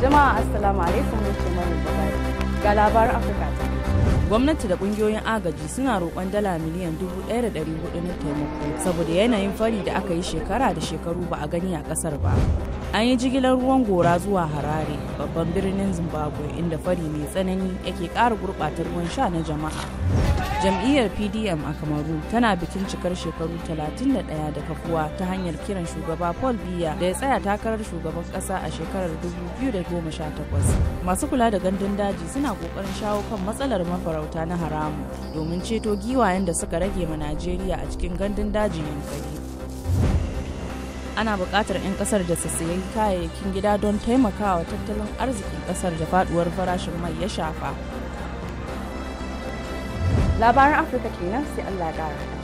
Jama'a Assalamu alaikum ne ke mara Ga labarin Afirka ta Gwamnati da kungiyoyin agaji suna roƙon dala miliyan dubu ɗaya da ɗari hudu na taimako saboda yanayin fari da aka yi shekara da shekaru ba a gani a ƙasar ba. An yi jigilar ruwan gora zuwa Harare, babban birnin Zimbabwe inda fari mai tsanani yake ƙara gurɓata ruwan sha na jama'a. jam'iyyar pdm a kamaru tana bikin cikar shekaru 31 da kafuwa ta hanyar kiran shugaba paul biya da ya tsaya takarar shugaban kasa a shekarar 2018 masu kula da gandun daji suna kokarin shawo kan matsalar mafarauta na haramu domin ceto giwayen da suka rage ma najeriya a cikin gandun daji yankari ana buƙatar 'yan ƙasar da su sayi kayayyakin gida don taimakawa tattalin arzikin ƙasar da faɗuwar farashin mai ya shafa labaran afirka kenan sai allah ya ƙara